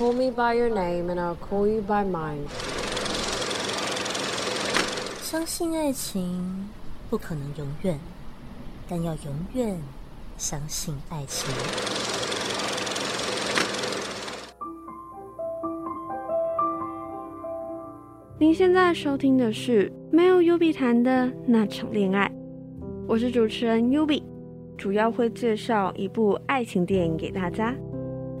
Call me by your name, and I'll call you by mine。相信愛情不可能永遠，但要永遠相信愛情。您現在收聽的是沒有 Yubi 談的那場戀愛，我是主持人 Yubi，主要會介紹一部愛情電影給大家。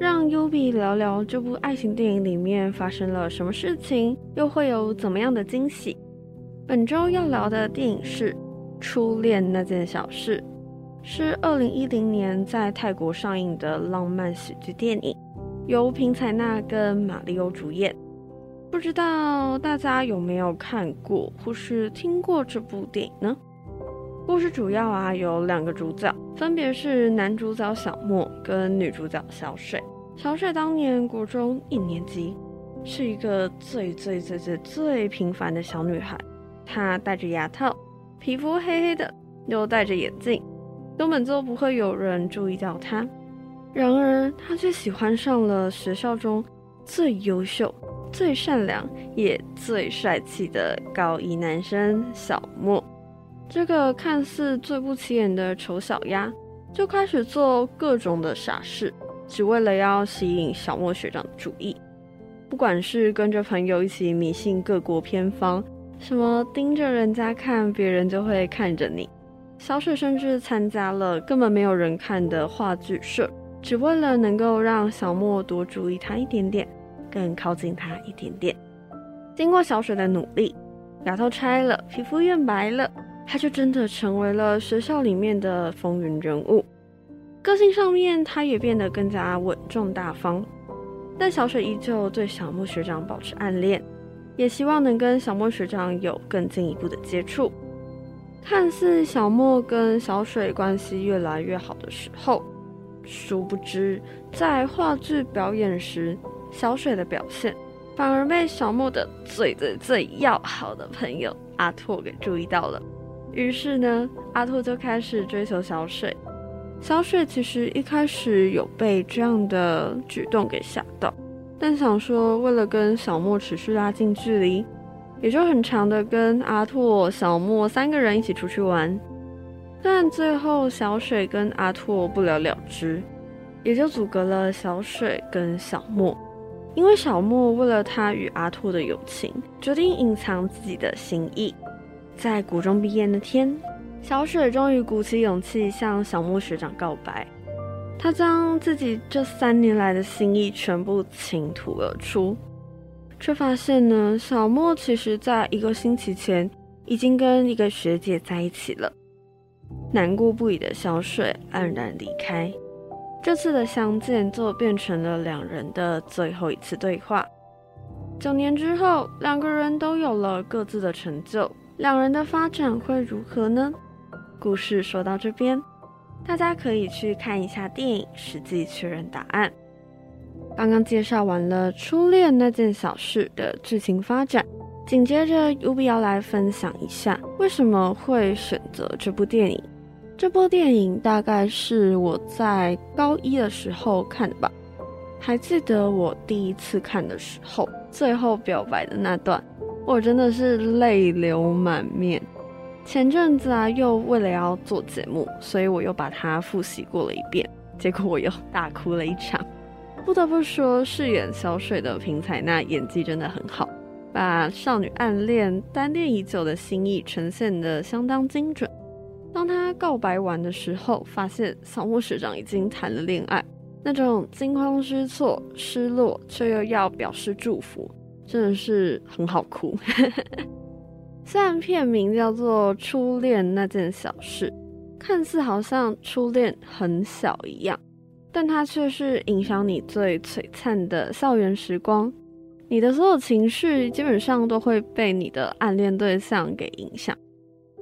讓優比聊聊這部愛情電影裡面發生了什麼事情，又會有怎麼樣的驚喜？本周要聊的電影是《初戀那件小事》，是二零一零年在泰國上映的浪漫喜劇電影，由平采娜跟馬里奧主演。不知道大家有沒有看過或是聽過這部電影呢？故事主要啊有兩個主角，分別是男主角小莫跟女主角小水。小水當年國中一年級，是一個最最最最最平凡的小女孩，她戴着牙套，皮膚黑黑的，又戴着眼鏡，根本就不會有人注意到她。然而，她卻喜歡上了學校中最優秀、最善良，也最帥氣的高一男生小莫。這個看似最不起眼的醜小鴨，就開始做各種的傻事，只為了要吸引小莫學長的注意。不管是跟着朋友一起迷信各國偏方，什麼盯着人家看，別人就會看着你。小水甚至參加了根本沒有人看的話劇社，只為了能夠讓小莫多注意他一點點，更靠近他一點點。經過小水的努力，牙套拆了，皮膚變白了。他就真的成為了學校裡面的風雲人物，個性上面他也變得更加穩重大方，但小水依舊對小莫學長保持暗戀，也希望能跟小莫學長有更進一步的接觸。看似小莫跟小水關係越來越好的時候，殊不知在話劇表演時，小水的表現反而被小莫的最最最要好的朋友阿拓給注意到了。於是呢，阿拓就開始追求小水。小水其實一開始有被這樣的舉動給嚇到，但想說為了跟小莫持續拉近距離，也就很常的跟阿拓、小莫三個人一起出去玩。但最後小水跟阿拓不了了之，也就阻隔了小水跟小莫。因為小莫為了他與阿拓的友情，決定隱藏自己的心意。在高中畢業那天，小水終於鼓起勇氣向小莫學長告白，她將自己這三年來的心意全部傾吐而出，卻發現呢，小莫其實在一個星期前已經跟一個學姐在一起了。難過不已的小水黯然離開，這次的相見就變成了兩人的最後一次對話。九年之後，兩個人都有了各自的成就。兩人的發展會如何呢？故事說到這邊，大家可以去看一下電影，實際確認答案。剛剛介紹完了初戀那件小事的劇情發展，緊接着有必要來分享一下為什麼會選擇這部電影。這部電影大概是我在高一的時候看的吧，還記得我第一次看的時候，最後表白的那段。我真的是淚流滿面。前陣子啊，又為了要做節目，所以我又把它復習過了一遍。結果我又大哭了一場。不得不說，飾演小水的平采娜演技真的很好，把少女暗戀、單戀已久的心意呈現得相當精準。當她告白完的時候，發現小木學長已經談了戀愛，那種驚慌失措、失落，卻又要表示祝福。真的是很好哭。 雖然片名叫做《初戀那件小事》，看似好像初戀很小一樣，但它卻是影響你最璀璨的校園時光。你的所有情緒基本上都會被你的暗戀對象給影響。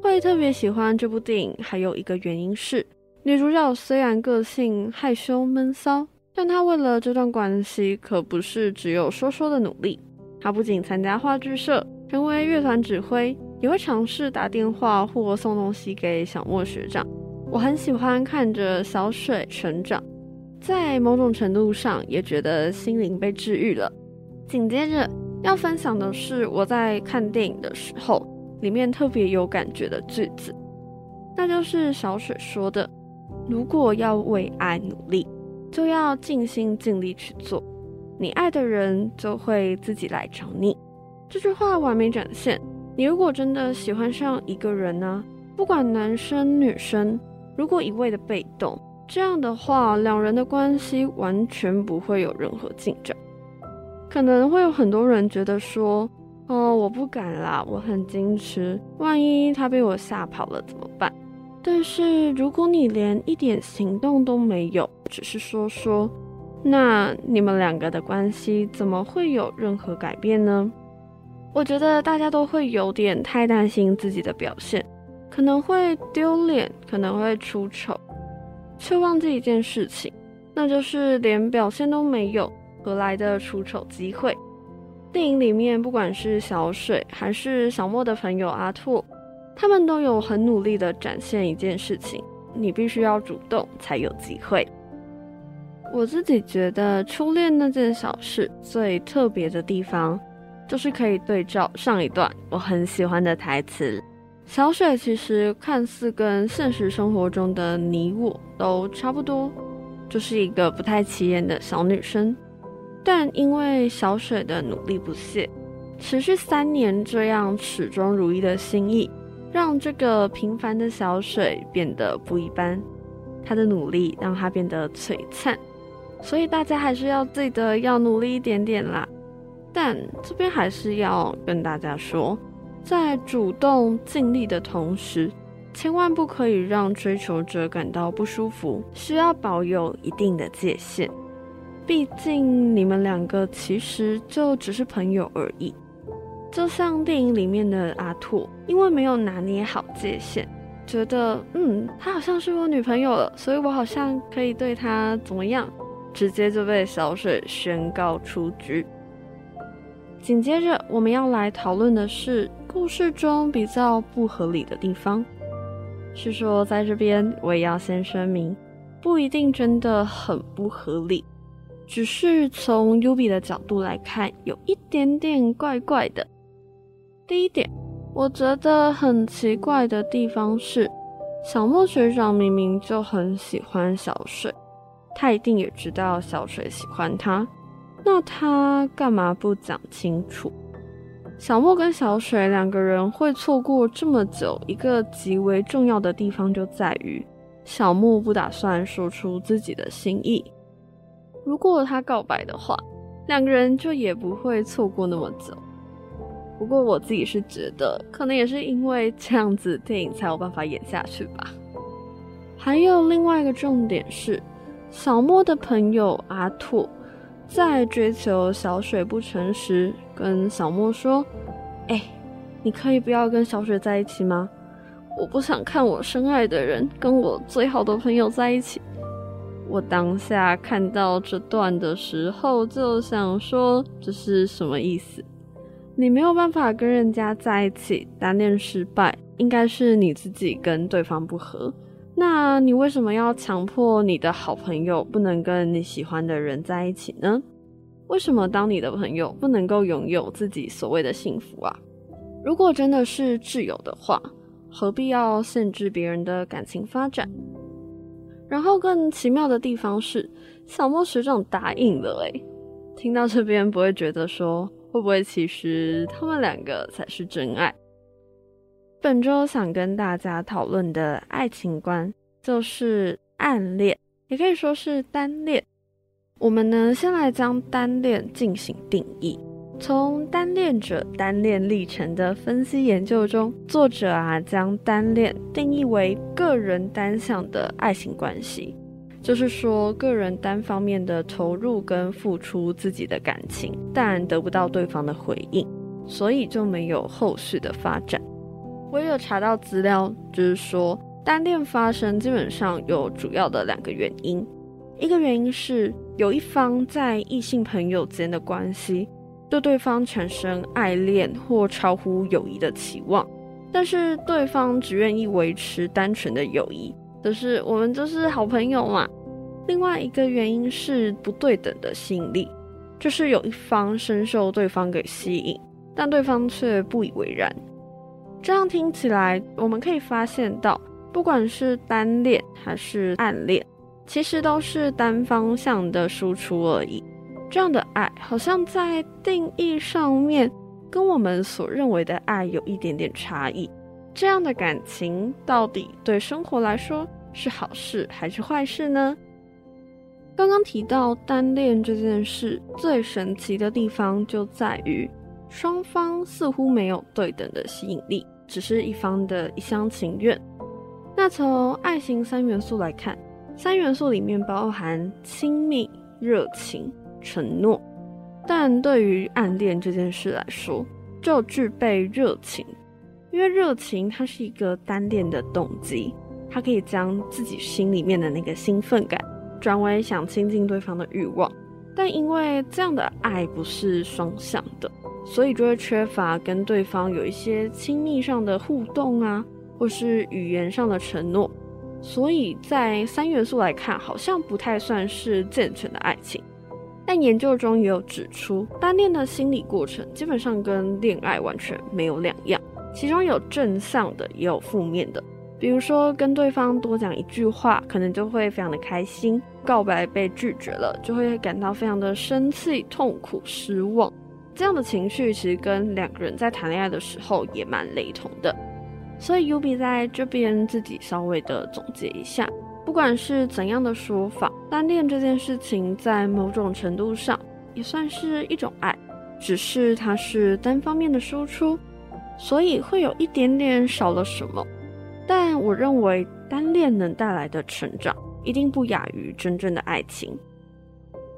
會特別喜歡這部電影還有一個原因是，女主角雖然個性害羞悶騷，但她為了這段關係可不是只有說說的努力。他不僅參加話劇社，成為樂團指揮，也會嘗試打電話或送東西給小莫學長。我很喜歡看着小水成長，在某種程度上也覺得心靈被治癒了。緊接着要分享的是我在看電影的時候，裡面特別有感覺的句子，那就是小水說的：“如果要為愛努力，就要盡心盡力去做。”你愛的人就會自己來找你，這句話完美展現。你如果真的喜歡上一個人呢、啊，不管男生女生，如果一味的被動，這樣的話，兩人的關係完全不會有任何進展。可能會有很多人覺得說，哦，我不敢啦，我很矜持，萬一他被我嚇跑了怎麼辦？但是如果你連一點行動都沒有，只是說說。那你們兩個的關係怎麼會有任何改變呢？我覺得大家都會有點太擔心自己的表現，可能會丟臉，可能會出醜，卻忘記一件事情，那就是連表現都沒有，何來的出醜機會？電影裡面不管是小水還是小莫的朋友阿兔，他們都有很努力的展現一件事情，你必須要主動才有機會。我自己覺得初戀那件小事最特別的地方，就是可以對照上一段我很喜歡的台詞。小水其實看似跟現實生活中的你我都差不多，就是一個不太起眼的小女生。但因為小水的努力不懈，持續三年這樣始終如一的心意，讓這個平凡的小水變得不一般。她的努力讓她變得璀璨。所以大家還是要記得要努力一點點啦，但這邊還是要跟大家說，在主動盡力的同時，千萬不可以讓追求者感到不舒服，需要保有一定的界限。畢竟你們兩個其實就只是朋友而已，就像電影裡面的阿拓，因為沒有拿捏好界限，覺得嗯，她好像是我女朋友了，所以我好像可以對她怎麼樣。直接就被小水宣告出局。緊接着，我們要來討論的是故事中比較不合理的地方。是說，在這邊我也要先聲明，不一定真的很不合理，只是從 Ubi 的角度來看，有一點點怪怪的。第一點，我覺得很奇怪的地方是，小莫學長明明就很喜歡小水。他一定也知道小水喜歡他，那他幹嘛不講清楚？小莫跟小水兩個人會錯過這麼久，一個極為重要的地方就在於小莫不打算說出自己的心意。如果他告白的話，兩個人就也不會錯過那麼久。不過我自己是覺得，可能也是因為這樣子，電影才有辦法演下去吧。還有另外一個重點是。小莫的朋友阿拓在追求小水不成時，跟小莫說：“哎、欸，你可以不要跟小水在一起嗎？我不想看我深愛的人跟我最好的朋友在一起。”我當下看到這段的時候，就想說這是什麼意思？你沒有辦法跟人家在一起，單戀失敗，應該是你自己跟對方不合。那你為什麼要強迫你的好朋友不能跟你喜歡的人在一起呢？為什麼當你的朋友不能夠擁有自己所謂的幸福啊？如果真的是摯友的話，何必要限制別人的感情發展？然後更奇妙的地方是，小莫學長答應了誒、欸、聽到這邊不會覺得說會不會其實他們兩個才是真愛？本週想跟大家討論的愛情觀就是暗戀，也可以說是單戀。我們呢先來將單戀進行定義。從單戀者單戀歷程的分析研究中，作者啊將單戀定義為個人單向的愛情關係，就是說個人單方面的投入跟付出自己的感情，但得不到對方的回應，所以就沒有後續的發展。我也有查到資料，就是說單戀發生基本上有主要的兩個原因，一個原因是有一方在異性朋友間的關係，對對方產生愛戀或超乎友誼的期望，但是對方只願意維持單純的友誼，就是我們就是好朋友嘛。另外一個原因是不對等的吸引力，就是有一方深受對方給吸引，但對方卻不以為然。這樣聽起來，我們可以發現到，不管是單戀還是暗戀，其實都是單方向的輸出而已。這樣的愛好像在定義上面，跟我們所認為的愛有一點點差異。這樣的感情到底對生活來說是好事還是壞事呢？剛剛提到單戀這件事，最神奇的地方就在於。雙方似乎沒有對等的吸引力，只是一方的一廂情願。那從愛情三元素來看，三元素裡面包含親密、熱情、承諾。但對於暗戀這件事來說，就具備熱情，因為熱情它是一個單戀的動機，它可以將自己心裡面的那個興奮感轉為想親近對方的慾望。但因為這樣的愛不是雙向的。所以就會缺乏跟對方有一些親密上的互動啊，或是語言上的承諾，所以在三元素來看，好像不太算是健全的愛情。但研究中也有指出，單戀的心理過程基本上跟戀愛完全沒有兩樣，其中有正向的，也有負面的。比如說，跟對方多講一句話，可能就會非常的開心；告白被拒絕了，就會感到非常的生氣、痛苦、失望。這樣的情緒其實跟兩個人在談戀愛的時候也蠻雷同的，所以 U B 在這邊自己稍微的總結一下，不管是怎樣的說法，單戀這件事情在某種程度上也算是一種愛，只是它是單方面的輸出，所以會有一點點少了什麼。但我認為單戀能帶來的成長，一定不亞於真正的愛情。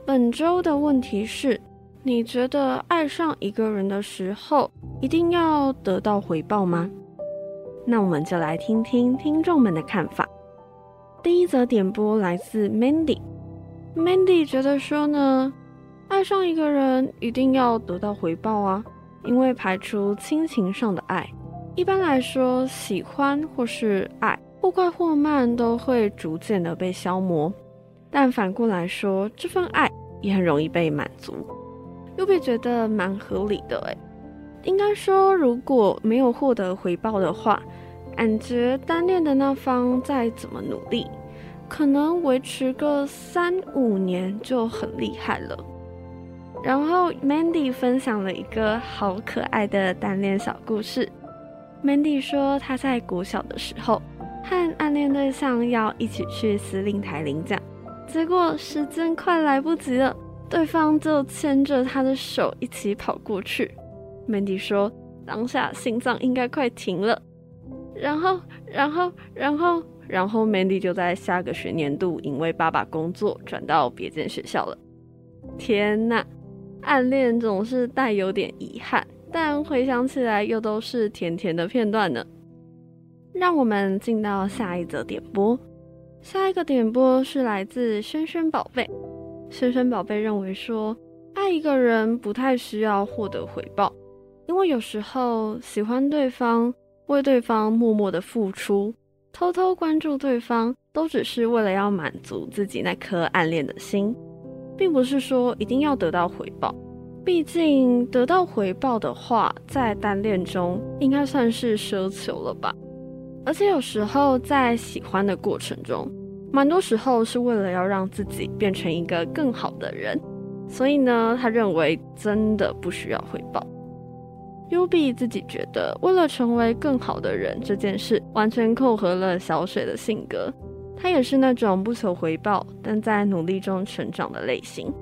本周的問題是。你覺得愛上一個人的時候一定要得到回報嗎？那我們就來聽聽聽眾們的看法。第一則點播來自 Mandy，Mandy 覺得說呢，愛上一個人一定要得到回報啊，因為排除親情上的愛，一般來說喜歡或是愛，或快或慢都會逐漸的被消磨，但反過來說，這份愛也很容易被滿足。就別覺得蠻合理的欸，應該說如果沒有獲得回報的話，感覺單戀的那方再怎麼努力，可能維持個三五年就很厲害了。然後 Mandy 分享了一個好可愛的單戀小故事。Mandy 說她在國小的時候，和暗戀對象要一起去司令台領獎，結果時間快來不及了。對方就牽着他的手一起跑過去，Mandy 說：“當下心臟應該快停了。”然後，然後，然後，然後，Mandy 就在下個學年度因為爸爸工作轉到別間學校了。天吶，暗戀總是帶有點遺憾，但回想起來又都是甜甜的片段呢。讓我們進到下一則點播，下一個點播是來自萱萱寶貝。深深寶貝認為說，愛一個人不太需要獲得回報，因為有時候喜歡對方、為對方默默的付出、偷偷關注對方，都只是為了要滿足自己那顆暗戀的心，並不是說一定要得到回報。畢竟得到回報的話，在單戀中應該算是奢求了吧。而且有時候在喜歡的過程中，蠻多時候是為了要讓自己變成一個更好的人，所以呢，他認為真的不需要回報。優比自己覺得，為了成為更好的人這件事，完全扣合了小水的性格。他也是那種不求回報，但在努力中成長的類型。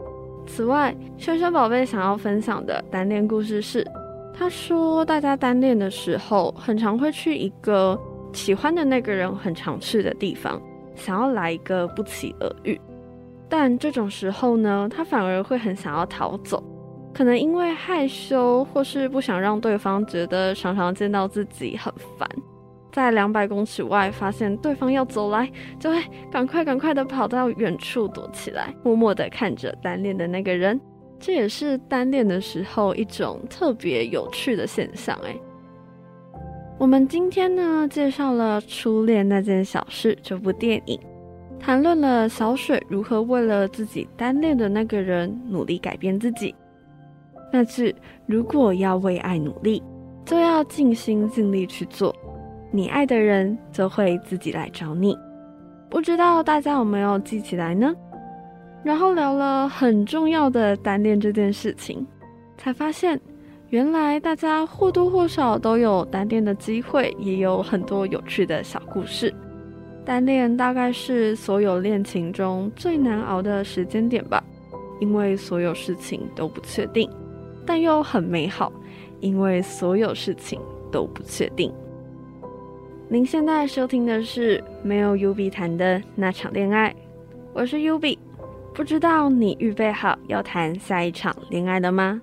此外，萱萱寶貝想要分享的單戀故事是，他說大家單戀的時候，很常會去一個喜歡的那個人很常去的地方，想要來一個不期而遇，但這種時候呢，他反而會很想要逃走，可能因為害羞或是不想讓對方覺得常常見到自己很煩，在兩百公尺外發現對方要走來，就會趕快趕快的跑到遠處躲起來，默默的看着單戀的那個人，這也是單戀的時候一種特別有趣的現象誒。我們今天呢，介紹了《初戀那件小事》這部電影，談論了小水如何為了自己單戀的那個人努力改變自己。那句“如果要為愛努力，就要盡心盡力去做，你愛的人就會自己來找你”，不知道大家有沒有記起來呢？然後聊了很重要的單戀這件事情，才發現。原來大家或多或少都有單戀的機會，也有很多有趣的小故事。單戀大概是所有戀情中最難熬的時間點吧，因為所有事情都不確定，但又很美好，因為所有事情都不確定。您現在收聽的是沒有 UB 談的那場戀愛，我是 UB，不知道你預備好要談下一場戀愛了嗎？